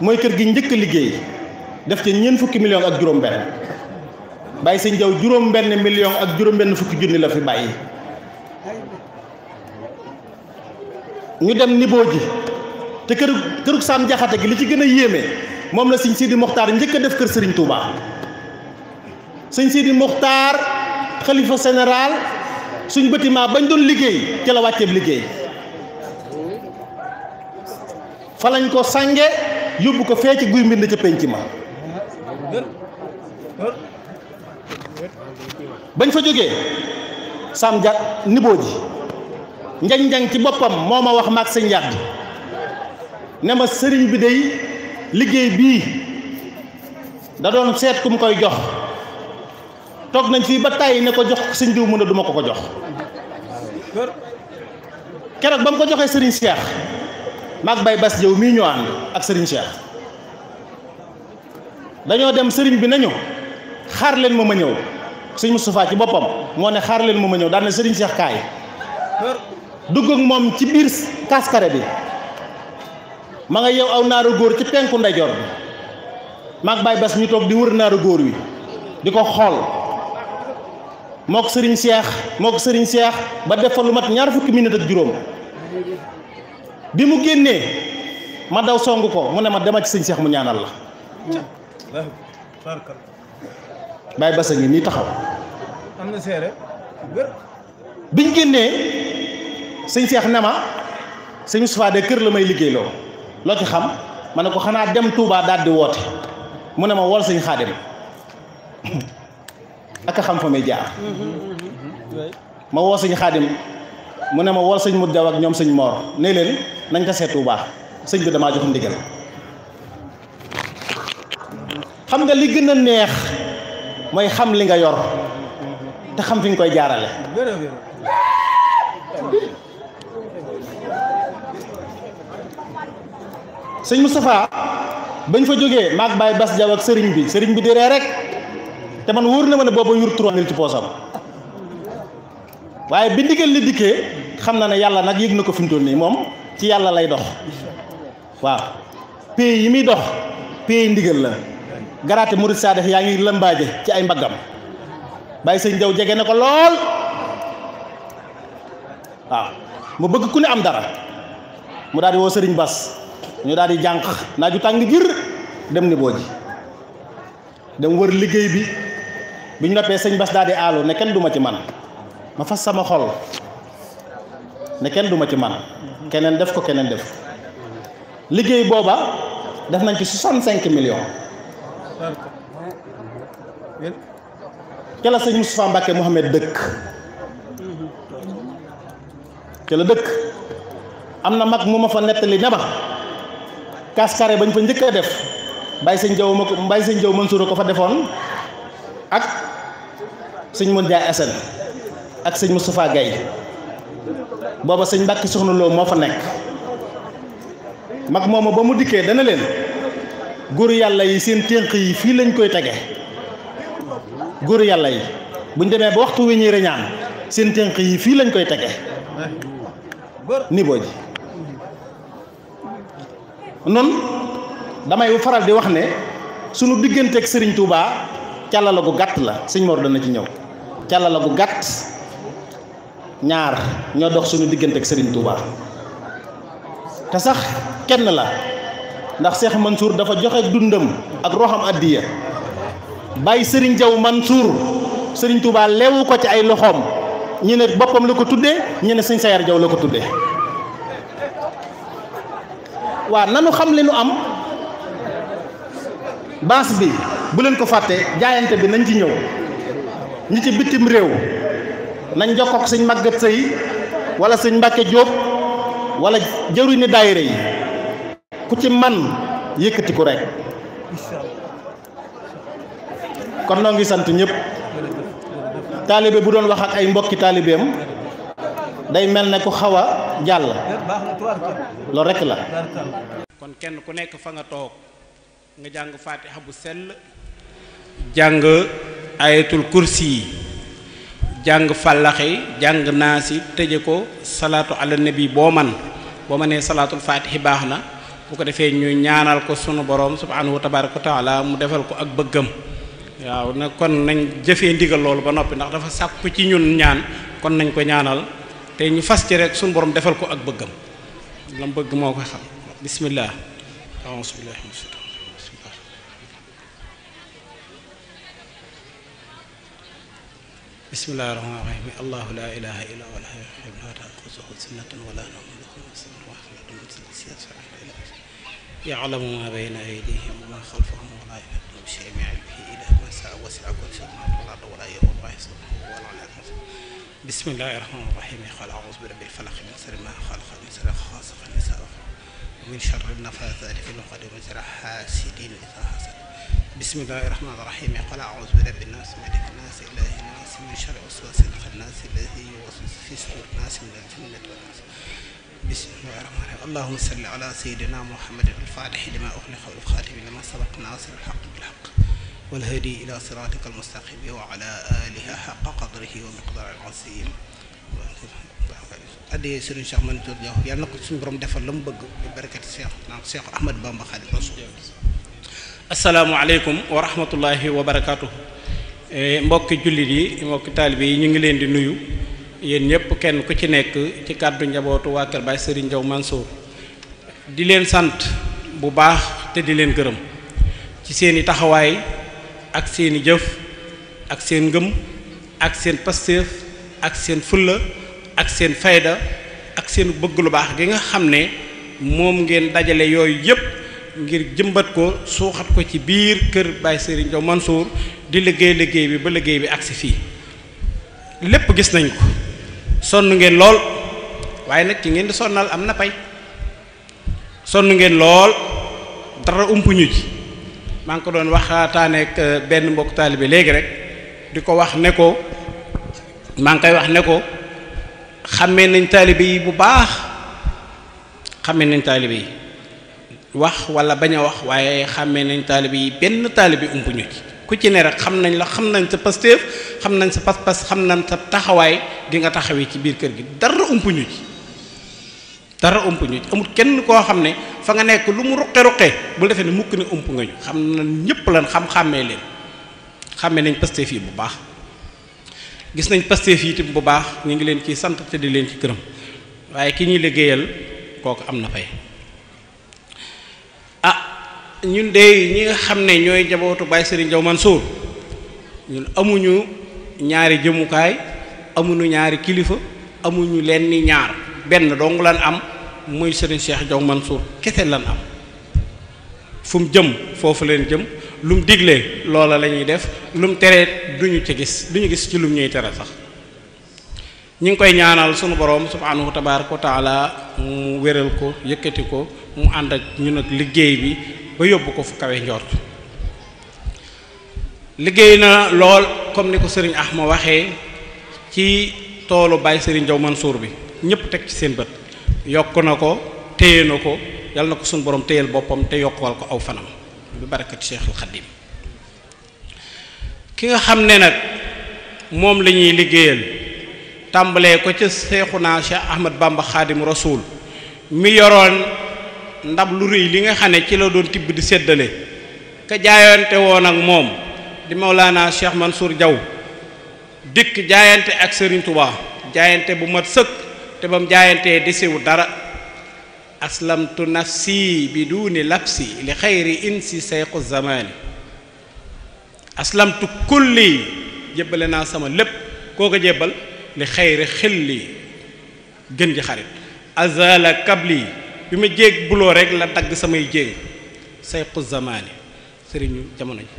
S3: mooy kër gi njëkk liggéey def ci ñeent fukki million ak juróom benn bàyyi sëñ jaw juróom benn million ak juróom benn fukki junni la fi bàyyi ñu dem niboo ji te kër kërug Sam Jaxate gi li ci gën a yéeme moom la sëñ Sidi Mokhtar njëkk a def kër sëriñ Serigne Touba sëñ Sidi Mokhtar xalifa général suñ bâtiment bañ doon liggéey ci la waccé liggéey fa lañ ko sangé yóbbu ko fé ci guuy mbind ci penc ma bañ fa joggé sam ja niboo ji njañ-njañ ci bopam moma wax mak señ yàdd ne ma sëriñ bi day liggéey bi da doon sét kum koy jox tok nañ fi ba tay ne ko jox señ diw mu ne duma ko ko jox kérok bam ko joxee señ Cheikh mak bay bass jew mi ñuan ak señ Cheikh dañu dem señ bi nañu xaar leen mo ma ñew señ Moustapha ci bopam mo ne xaar leen mo ma ñew daan na señ Cheikh kay dugg ak mom ci bir kaskare bi ma nga yow aw naaru góor ci penku ndeyjoor mak bay bass ñu tok di wër naaru góor wi diko xol moo ko sëriñ seex moo ko sëriñ seex ba def fa lu mat ñaar fukki minute ak juróom bi mu génnee ma daw song ko mu ne ma dema ci sëñ seex mu ñaanal
S4: la
S3: bàyyi basa ngi nii taxaw am na seere biñ génnee sëñ seex ne ma sëñ Moustapha kër la may liggéey loo loo ci xam ma ne ko xanaa dem tuubaa daal di woote mu ne ma wol sëñ Xaadim ak a xam fa muy jaar ma woo sëñ xaadim mu ne ma woo sëñ mu daw ak ñoom sëñ moor ne leen nañ ko seetu bu baax sëñ bi damaa jox ndigal xam nga li gën a neex mooy xam li nga yor te xam fi nga koy jaarale sëñ Moustapha bañ fa jógee maag Baye Bas Jaw ak sëriñ bi sëriñ bi di rek te man wóor na ma ne booba yur trois mille ci poosam waaye bi ndigal li dikkee xam na ne yàlla nag yëg na ko fi mu toll nii moom ci yàlla lay dox waaw pays yi muy dox pays ndigal la garaate murid saadax yaa ngi lëmbaaje ci ay mbaggam bàyyi sëñ jaw jege na ko lool waaw mu bëgg ku ne am dara mu daal woo sëriñ bas ñu daal di jànq naaju tàng jër dem ni boo ji dem wër liggéey bi bi ñu noppee sëñ bas daal di aalu ne kenn duma ci man ma fas sama xol ne kenn duma ci man keneen def ko keneen def liggéey booba def nañ ci 65 cinq ca la sëñ Moustapha Mbacke dëkk am na mag mu ma fa nettali ne ba kaskare bañ fa njëkk def bàyyi sëñ jaw ma ko bàyyi sëñ jaw Mansour ko fa defoon ak sëñ Modja assad ak seigne Moustapha gay booba seigne mbacke Soxna Lo mo fa nek mak momo ba mu dikkee dana len guru yalla yi seen tenk yi fi lañ koy tege guru yalla yi buñ demee ba waxtu wi reñaan seen tenk yi fi lañ koy tege ni boji non damay faral di wax ne digënté ak Serigne Touba càllala gu gatt la seigne Mor dana ci ñew càlla bu gàtt ñaar ñoo dox suñu diggante ak Serigne Touba te sax kenn la ndax Cheikh Mansour dafa joxe dundam ak roxam addiya bàyyi sëriñ Jaw Mansour Serigne Touba leewu ko ci ay loxoom ñu boppam la ko tuddee ñu ne sëñ Jaw la ko tudde waa nanu xam li nu am baas bi bu leen ko fàtte jaayante bi nañ ci ñëw ñi ci bitim rew nañ jokkook sëñ magat sey wala sëñ mbàkke job wala jëru ni daayira yi ku ci man yëkkati ko rek kon no ngi sant ñëpp talibé bu doon wax ak ay mbokki talibém day melne ko xawa jall
S5: lo rek la kon kenn ku nekk fa nga tok nga jang fatiha bu sel jang ayatul kursi yi jàng fàllaxi jàng naasi tëje ko salaatu ala nabi boo man boo ma nee salaatul faatihi baax na bu ko defee ñu ñaanal ko sunu boroom subhanahu wa tabaraka wa taala mu defal ko ak bëggam waaw na kon nañ jëfe ndigal loolu ba noppi ndax dafa sàkku ci ñun ñaan kon nañ ko ñaanal te ñu fas ci rek sunu borom defal ko ak bëggam lam bëgg moo ko xam bismillah
S4: بسم الله الرحمن الرحيم الله لا إله إلا هو الحي القيوم لا تأخذه سنة ولا نوم له ما في السماوات الأرض يعلم ما بين أيديهم وما خلفهم ولا يحيطون بشيء من علمه إلا ما سعى وسع كل شيء ما في الأرض ولا يوم الله يصلحه ولا على بسم الله الرحمن الرحيم قال أعوذ برب الفلق من شر ما خلق من شر خاصة من شر ومن شر النفاثات في العقد من شر حاسد إذا حسد بسم الله الرحمن الرحيم قال أعوذ برب الناس ملك الناس إله الناس من شر وسواس الناس الذي يوسوس في صدور الناس من الجنة والناس بسم الله الرحمن الرحيم اللهم صل على سيدنا محمد الفاتح لما أغلق والخاتم لما سبق ناصر الحق بالحق والهدي إلى صراطك المستقيم وعلى آله حق قدره ومقدار العظيم addee sëriñ Cheikh Mansour Diaw yàlla na ko suñu borom defal la mu bëgg barkat Cheikh Bamba
S5: asalaamualeykum wa rahmatullahi wa barakaatu. E, mbokki jullit yi mbokki taalibe yi ñu ngi leen di nuyu yéen ñëpp kenn ku ci nekk ci kàddu njabootu waa Kër Baay Serigne Diaw di leen sant bu baax te di leen gërëm ci seeni taxawaay ak seeni jëf ak seen ngëm ak seen pasteef ak seen fulla ak seen fayda ak seen bëgg lu baax gi nga xam ne moom ngeen dajale yooyu yëpp ngir jëmbat ko suuxat ko ci biir kër Baye Serigne Diaw Mansour di liggéey liggéey bi ba liggéey bi agsi fii lépp gis nañ ko sonn ngeen lool waaye nag ci ngeen di sonnal am na pay sonn ngeen lool dara umpuñu ji maa ngi ko doon waxtaanee ak euh, benn mbokk taalibe léegi rek di ko wax ne ko maa ngi koy wax ne ko xàmmee nañ taalibe yi bu baax xàmmee nañ taalibe yi wax wala bañ a wax waaye xàmmee nañ taalibe yi benn taalibe ump ñu ci ku ci ne rek xam nañ la xam nañ sa pastéef xam nañ sa pas-pas xam nañ sa taxawaay gi nga taxawee ci biir kër gi dara ump ñu ci dara ump ñu ci amul kenn koo xam ne fa nga nekk lu mu ruqe-ruqe bu defee ne mukk ne ump nga ñu xam nañ ñëpp lan xam-xàmmee leen xàmmee nañ pastéef yi bu baax gis nañ pastéef yi tim bu baax ñu ngi leen ciy sant te di leen ci gërëm waaye ki ñuy liggéeyal kooku am na fay ñun dey ñi nga xam ne ñooy jabootu Baye Serigne Diaw Mansour ñun amuñu ñaari jëmukaay amuñu ñaari kilifa amuñu leen ni ñaar benn dong lan am muy Serigne Cheikh Diaw suur kese lan am fu mu jëm foofu leen jëm lu mu diglee loola lañuy def lu mu teree duñu ci gis duñu gis ci lum ñuy tere sax ñu ngi koy ñaanal sunu borom subhanahu tabaraka wa taala mu wéral ko yëkkati ko mu ànd ak ñun ak liggéey bi ba yóbbu ko fu kawe njort liggéey na lool comme ni ko sëriñ ax Axma waxee ci toolu Baye sëriñ Jaw Mansuur bi ñëpp teg ci seen bët yokk na ko téye na ko yal na ko suñu boroom téyel boppam te yokkuwal ko aw fanam bi barakati Seexul Xadiim ki nga xam ne nag moom la ñuy liggéeyal tàmbalee ko ca seexu naa Cheikh Ahmad Bamba Xaadim Rasuul mi yoroon ndab lu rëy li nga xam ne ci la doon tibb di seddale ka jaayante woon ak moom di Maulana Cheikh Mansour jaw dikk jaayante ak Serigne Touba jaayante bu mat sëkk te bam jaayantee desewu dara aslamtu nafsi bi duuni labsi li xayri insi sayqu zamani aslamtu kulli jébbale naa sama lépp koo ko jébbal li xayri xilli gën ji xarit azala kabli bi ma jéeg buloo rek la dagg samay jéeg sayqu zamaani sëriñu jamono ji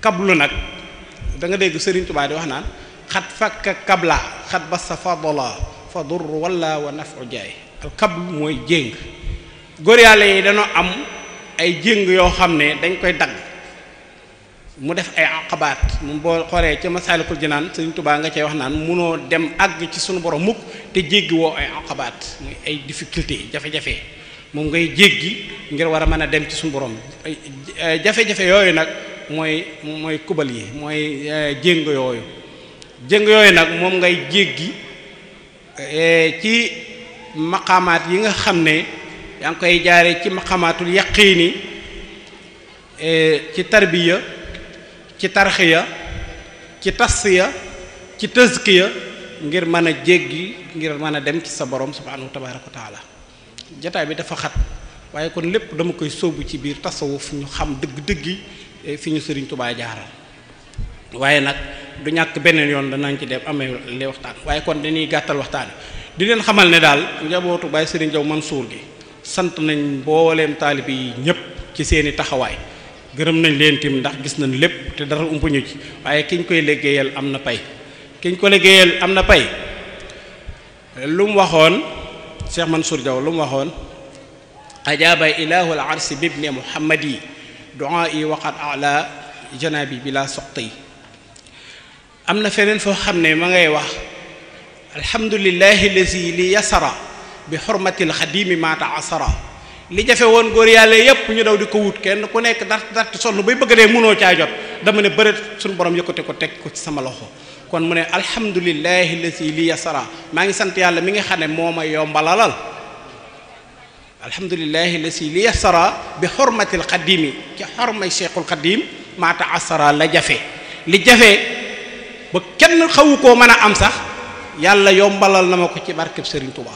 S5: kablu nag danga dégg sëriñ Tuubaa di wax naan xat fakk kabla xat ba sa fadola fa dur wala wa nafu jaay al kablu mooy jéng góor yàlla yi dañoo am ay jéng yoo xam ne dañ koy dagg mu def ay aqabaat mu boo xoolee ca masaalikul naan suñu tubaa nga cee wax naan munoo dem àgg ci suñu borom mukk te jéggi woo ay aqabaat muy ay difficulté jafe-jafe moom ngay jéggi ngir war a mën a dem ci suñu borom jafe-jafe yooyu nag mooy mooy kubal yi mooy eh, jéng yooyu jéng yooyu nag moom ngay jéggi eh, ci maqamaat yi nga xam ne yaa ngi koy jaare ci maqaamaatul yaqiini eh, ci tarbiya ci tarxiya ci tasfiya ci tazkiya ngir mana a ngir mana dem ci sa borom subhanahu wa taala jataay bi dafa xat waye kon lepp dama koy sobu ci bir tasawuf ñu xam deug deug fi ñu sëriñ tubaa jaaral waaye nag du ñak benen yoon nañ ci def amé li waxtaan waye kon dañuy gattal waxtaan di len xamal ne dal njabootu bàyyi serigne jaw mansour gi sant nañ mbooleem taalib yi ci seeni taxaway gërëm nañ leen tim ndax gis nañ lépp te dara ñu ci waye kiñ koy leggeyal amna pay kiñ ko leggeyal amna pay lu mu waxoon Cheikh Mansour Diaw lu mu waxoon ajaba ilahu al-arsi ibn muhammadi du'a'i wa qad a'la janabi bila suqti amna feneen fo xamne ma ngay wax alhamdulillahi lazi li yasara bi al alxadimi ma taasara li jafe woon góor yàlla yépp ñu daw di ko wut kenn ku nekk dart dart sonn bay bëgg dee mënoo caa jot dama ne bëreet suñu borom yëkkate ko teg ko ci sama loxo kon mu ne alhamdulilahi lasi li yasara maa ngi sant yàlla mi nga xam ne moo ma yombalalal alhamdulilahi lasi li yasara bi xormatil xadimi ci xormay cheikhul xadim maata asara la jafe li jafe ba kenn xawu koo mën a am sax yàlla yombalal na ma ko ci barkeb Serigne Touba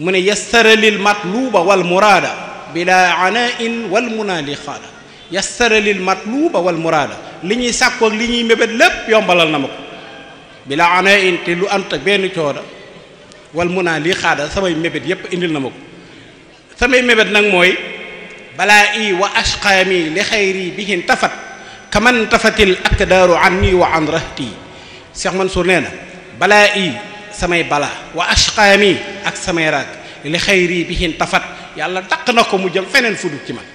S5: mu ne yassara lil matluba wal muraada bila anain wal munaalixaada yassara lil matluba wal muraada li ñuy sàkku ak li ñuy mébét lépp yombalal na ma ko bila anain te lu ant ak benn cooda wal munaalixaada samay mébét yépp indil na ma ko samay mébét nag mooy balaa i wa ashqaami li xayri bihin tafat kaman tafatil akdaaru an nii wa an rahtii Cheikh Mansour nee na balaa i samay bala wa ashqaami ak samay raag li xayri bihin tafat yàlla daq na ko mu jëm feneen fu ci man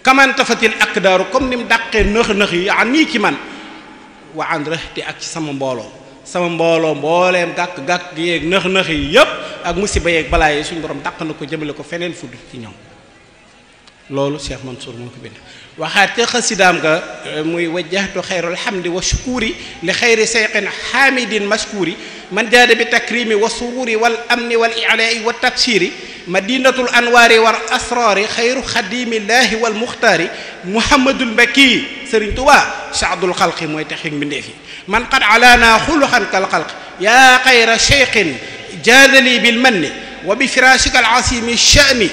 S5: kaman tafatil ak daaru comme ni mu dàqee nëx nëx yi an nii ci man wa an rëxti ak ci sama mbooloo sama mbooloo mbooleem gàkk-gàkk yeeg nëx nëx yi yépp ak musiba yeeg balaa yi suñ borom daq na ko jëmale ko feneen fu dul ci ñoom loolu Cheikh Mansour moko bind waxaat ca xasidaam ga muy wajjahtu khairul hamdi wa shukuri li khairi sayqin hamidin mashkuri man jada bi takrimi wa suuri wal amni wal i'la'i wa tafsiri madinatul anwaari wal khairu khadimi allah wal muxtaari muhammadul baki serigne touba sa'dul khalqi moy taxik minde fi man qad alana khulqan kal khalq ya xayra shaykhin jadali bil manni wa bi firashikal asimi sha'ni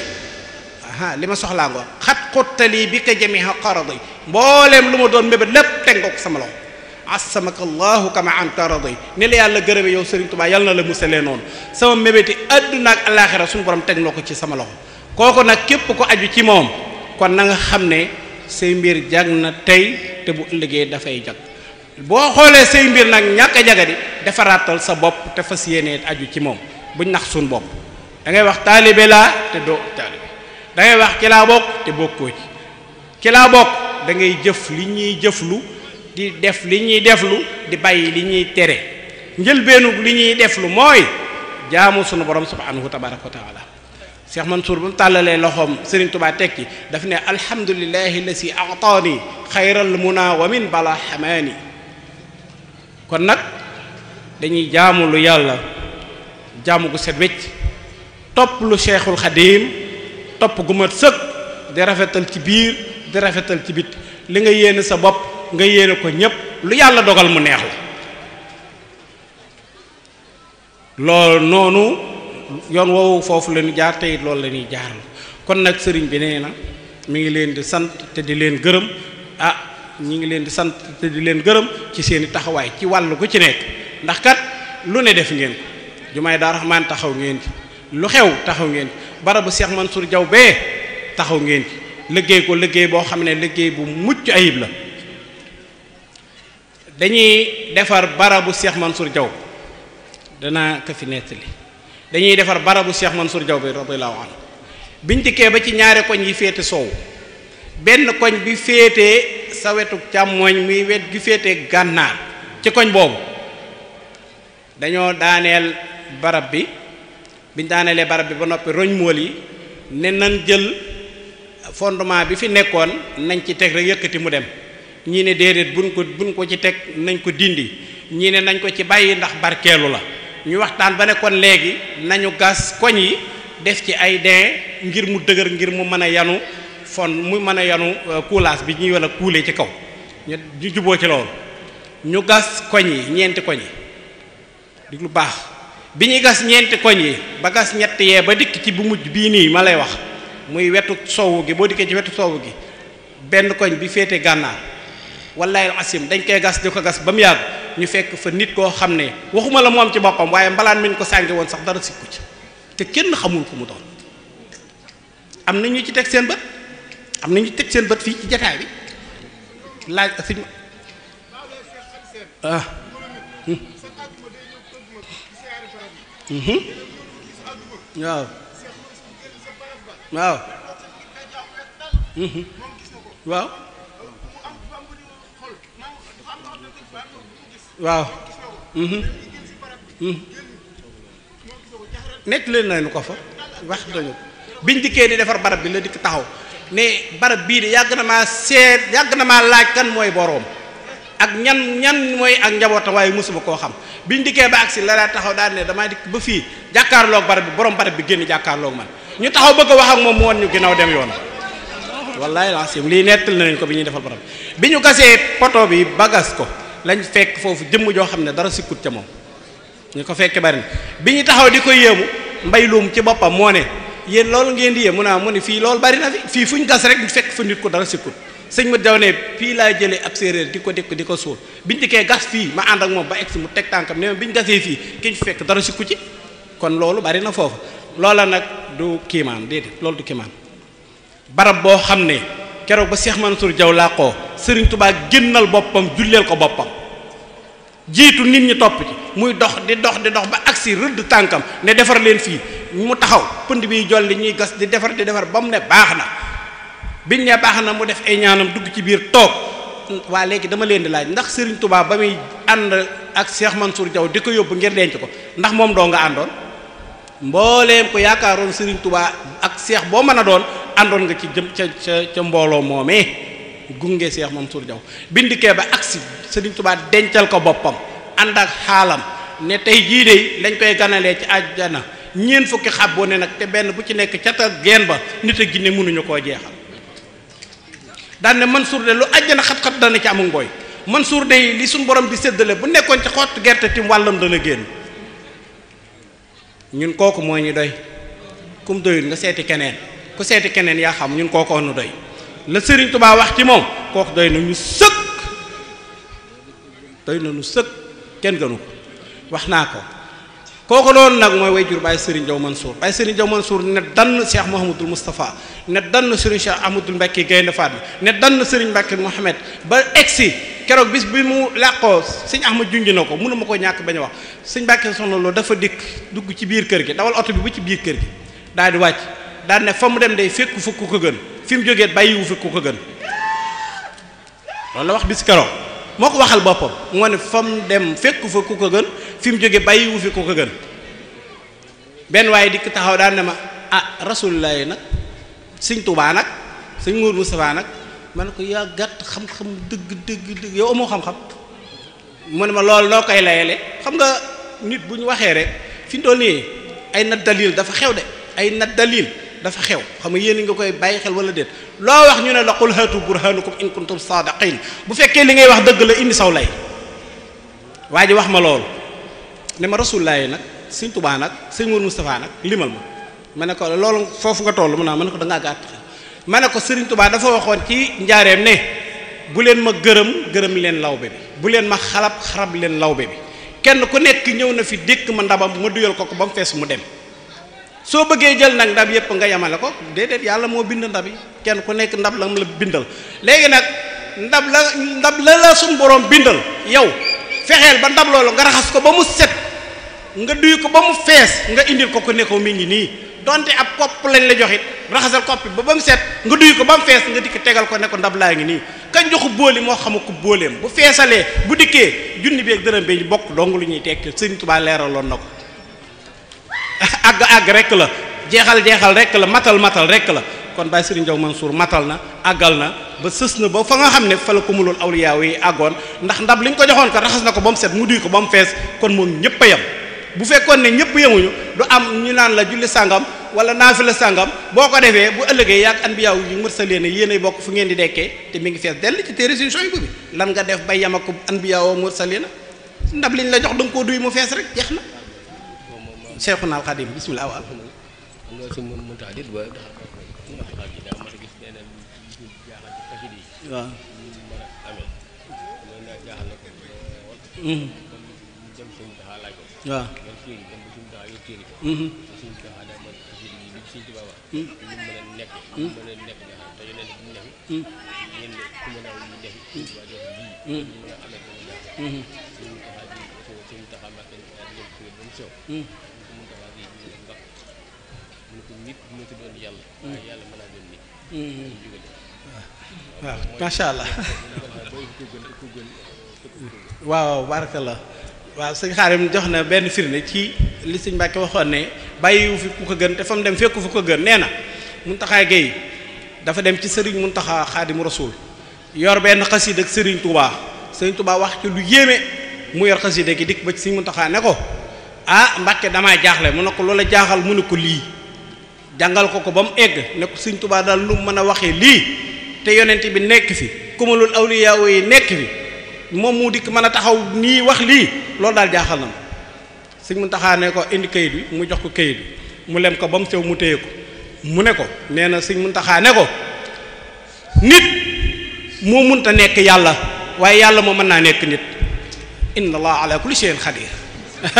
S5: ha lima soxla nga Khat qutali bi ka jamiha qardi mbollem luma don mebe lepp tengo ko sama lo asmakallahu kama anta radi ne la yalla gëreme yow serigne touba yalla na la musale non sama mebeti aduna ak alakhirah sun borom tek noko ci sama lo koko nak kep ko aju ci mom kon na nga xamne sey mbir jagna tay te bu ëllëgé da fay jag bo xolé sey mbir nak ñaka jagadi defaratal sa bop te fasiyene aju ci mom buñ nax sun bop da ngay wax talibela te do talib dangay wax ci bokk te bokkoo ci ci bokk da ngay jëf li ñuy jëflu di def li ñuy deflu di bàyyi li ñuy tere njëlbeenu li ñuy deflu mooy jaamu sunu borom subhanahu tabaraka wa taala Cheikh Mansour ba mu tàllalee loxoom Serigne tubaat teg ci daf ne alhamdulilahi lasi ataani xayral muna wa min bala ni kon nag dañuy jaamu lu yàlla jaamu gu set wecc topp lu Cheikhul Xadim topp gu mat sëg di rafetal ci biir di rafetal ci bit li nga yéene sa bopp nga yéene ko ñépp lu yàlla dogal mu neex la loolu noonu yoon woowu foofu la ñu jaar tey loolu la ñuy jaar kon nag sëriñ bi nee na mu ngi leen di sant te di leen gërëm ah ñu ngi leen di sant te di leen gërëm ci seeni taxawaay ci wàll gu ci nekk ndax kat lu ne def ngeen ko jumaay daa raxmaan taxaw ngeen ci lu xew taxaw ngeen ci barabu Cheikh Mansour Diaw bee taxaw ngeen ci liggéey ko liggéey boo xam ne liggéey bu mucc ayib la dañuy defar barabu Cheikh Mansour Diaw danaa ko fi nettali dañuy defar barabu Cheikh Mansour Diaw bi radiyallahu anhu biñ dikkee ba ci ñaari koñ yi féete soow benn koñ bi féetee sa wetu càmmooñ muy wet gi féete gànnaar ci koñ boobu dañoo daaneel barab bi biñ daanelee barab bi ba noppi roñ mool yi ne nañ jël fondement bi fi nekkoon nañ ci teg rek yëkkati mu dem ñii ne déedéet buñ ko buñ ko ci teg nañ ko dindi ñii ne nañ ko ci bàyyi ndax barkeelu la ñu waxtaan ba ne kon léegi nañu gas koñ yi def ci ay den ngir mu dëgër ngir mu mën a yanu fon mu mën a yanu kuulaas euh, bi ñuy wala kuule ci kaw ñu juboo ci loolu ñu gas koñ yi ñeenti koñ yi di lu baax bi ñu gas ñeenti koñ yi ba gas ñett yee ba dikk ci bu mujj bii nii ma lay wax muy wetu sowwu gi boo dikkee ci wetu sowwu gi benn koñ bi féete gànnaar wallahi asim dañ koy gas di ko gas ba mu yàgg ñu fekk fa nit koo xam ne waxuma la moom ci boppam waaye mbalaan mi ñu ko sànge woon sax dara sikku ci te kenn xamul ku mu doon am na ñu ci teg seen bët am na ñu teg seen bët fii ci jataay bi laaj asim ah hmm. Mhm. waaw waaw mhm. waaw waaw mhm. nekk leen nu ko fa wax dañu biñ dikkee di defar barab bi la dikk taxaw ne barab bii de yàgg na maa seet yàgg na maa laaj kan mooy boroom ak ñan ñan mooy ak njabootam waaye mosuma koo xam bi biñ dikkee ba agsi la laa taxaw daal ne damaa dikk ba fii jàkkaarloog barab bi borom barab bi génn jàkkaarloog man ñu taxaw bëgg a wax ak moom mu woon ñu ginnaaw dem yoon wallaay lancim lii nettal nañ ko bi ñuy defal barab bi ñu gasee poto bi bagas ko lañ fekk foofu jëmm joo xam ne dara sikkut ca moom ñu ko fekkee bari bi ñu taxaw di ko yéemu mbay luum ci boppam moo ne yéen loolu ngeen di yéemu naa ah, mu ne fii loolu bari na fii fuñ gas rek fekk fa nit ko dara sikkut sëñ ma jaw ne pii laa jëlee ab séeréer di ko dëkk di ko suul biñ dikkee gas fii ma ànd ak moom ba egsi mu teg tànkam ne biñ gasee fii kiñ fekk dara sikku ci kon loolu bari na foofu loola nag du kiimaan déedéet loolu du kiimaan barab boo xam ne keroog ba Cheikh Mansour Diaw laa ko Serigne Touba génnal boppam julleel ko boppam jiitu nit ñi topp muy dox di dox di dox ba agsi rëdd tànkam ne defar leen fii mu taxaw pënd biy jolli ñuy gas di defar di defar ba mu ne baax na biñ ne baax na mu def ay ñaanam dugg ci biir toog waa léegi dama leen di laaj ndax Serigne tubaab ba muy ànd ak seex man Mansour jaw di ko yóbbu ngir denc ko ndax moom doo nga àndoon mbooleem ko yaakaaroon Serigne Touba ak seex boo mën a doon àndoon nga ci jëm ca ca ca mbooloo moomee gunge seex Cheikh Mansour jaw bindikee ba agsi sëriñ Touba dencal ko boppam ànd ak xaalam ne tey jii de lañ koy ganalee ci àjjana ñeent fukki xab bo ne nag te benn bu ci nekk ca ta geen ba nit a mënuñu koo jeexal daan ne Mansour de lu àjjana xat-xat dana ci amul mbooy Mansour de li suñ borom di séddale bu nekkoon ci xottu gerte tim wàllam dana génn ñun kooku moo ñu doy kum doyul nga seeti keneen ku seeti keneen yaa xam ñun kooku nu doy la sëriñ Touba wax ci moom kooku doy na ñu sëkk doy na ñu sëkk kenn gënu ko wax naa ko kooku doon nag mooy way jur Baye Serigne Diaw Mansour Baye Serigne Diaw Mansour ne dann Cheikh Mouhamadul Moustapha ne dann sëriñ Cheikh Ahmadou Mbacké Gaynde Fatma ne dann sëriñ Mbacké Mouhamed ba egsi keroog bis bi mu làqoo sëñ Ahmad junj na ko mënuma ko ñàkk bañ a wax sëñ Mbacké soxna loolu dafa dikk dugg ci biir kër gi dawal oto bi ba ci biir kër gi daal di wàcc daal ne fa mu dem day fekk fu ku ko gën fi mu jógee bàyyiwu fi ku ko gën wax bis keroog ko waxal boppam moo ne fa dem fekk fa ku ko fi mu jógee bàyyiwu fi ku benn waaye dikk taxaw daal ne ma ah rasulullah nag sëñ Tuubaa nag sëñ Mourou Moustapha nag man ko yaa gàtt xam-xam dëgg dëgg dëgg yow amoo xam-xam mu ne ma lool noo koy layale xam nga nit bu ñu waxee rek fi mu toll nii ay nat dalil dafa xew de ay nat dalil dafa xew xam nga yéen nga koy bàyyi xel wala déet loo wax ñu ne la qul haatu burhanakum in kuntum saadiqin bu fekkee li ngay wax dëgg la indi saw lay waa ji wax ma lool ne ma rasulullah nag sëñ Tuubaa nag sëñ Mourou Moustapha nag limal ma. ma ne ko loolu foofu nga tollu mu naa ma ko da nga gatt ma ko Serigne Touba dafa waxoon ci njaareem ne bu len ma geureum geureum len lawbe bi bu len ma xalab xarab len lawbe bi kenn ku nek ñew na fi dekk ma ndabam ma duyal ko ko bam fess mu dem so beugé jël nak ndab yépp nga yamal ko dedet yalla mo bind ndab yi kenn ku nek ndab la bindal légui nak ndab la ndab la la sun borom bindal yow fexel ba ndab lolou nga raxas ko ba mu set nga duy ko ba mu fess nga indil ko ku mi ngi ni donte ab kopp lañu la joxit raxasal kopp ba ba mu set nga duy ko ba mu fees nga dikk tegal ko ne ko ndab laa ngi nii kañ joxu bóoli moo xama ku bóoleem bu feesalee bu dikkee junni bi ak dërëm bi bokk dong lu ñuy tekki sëñ leeral leeraloon na ko àgg àgg rek la jeexal jeexal rek la matal matal rek la kon Baye Serigne man Mansour matal na àggal na ba sës na ba fa nga xam ne fa la ko mulul awliyaa yi àggoon ndax ndab li ñu ko joxoon ko raxas na ko ba mu set mu duy ko ba mu fees kon moom ñëpp a yem bu fekkoon ne ñëpp yemuñu du am ñu naan la julli sàngam wala la sàngam boo ko defee bu ëllëgee yàgg anbiyaaw yi mursaleen yéen ay bokk fu ngeen di dekkee te mi ngi fees dell ci téere suñu sooy bu bi lan nga def ba yem ak anbiyaaw mursaleen ndab liñ la jox da ko duy mu fees rek jeex na Cheikhuna al Xadim bismillah wa
S3: waaw hmm. jam sun lagi ya dan kiri dan sun taha yo ada man di bisi ci baba ñu mëna nek ñu mëna nek da ta ñu nek ñu nek ñen ku mëna ñu nek ci wajjo bi ñu mëna amé ko
S5: da sun taha di so sun ken so ba mu ko nit mu yalla yalla nit waaw masha allah waaw barakallah waaw sëñ xaarim jox na benn firnde ci li sëñ Mbàkke waxoon ne bàyyiwu fi ku ko gën te fa mu dem fekku fu ko gën nee na Muntaxa Gey dafa dem ci sëriñ Muntaxa Xaadimu Rasuul yor benn xasida ak sëriñ Touba sëriñ Touba wax ci lu yéeme mu yor xasida gi dikk ba ci mun taxaa ne ko ah Mbàkke damaa jaaxle mu ne ko loola jaaxal mu ne ko lii jàngal ko ko ba mu egg ne ko sëriñ Touba daal lu mën a waxee lii te yonent bi nekk fi kumalul awliyaa nekk fi moom mu dikk mën a taxaw nii wax lii loolu daal jaaxal na ma sëñ Muntaxa ne ko indi kayit bi mu jox ko kayit bi mu lem ko ba mu sew mu téye ko mu ne ko nee na sëñ Muntaxa ne ko nit moo mun ta nekk yàlla waaye yàlla moo mën naa nekk nit inna allah ala kulli shay'in qadir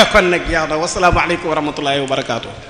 S5: kon nag yaa na wasalaamu aleykum wa rahmatullahi
S1: wa barakaatu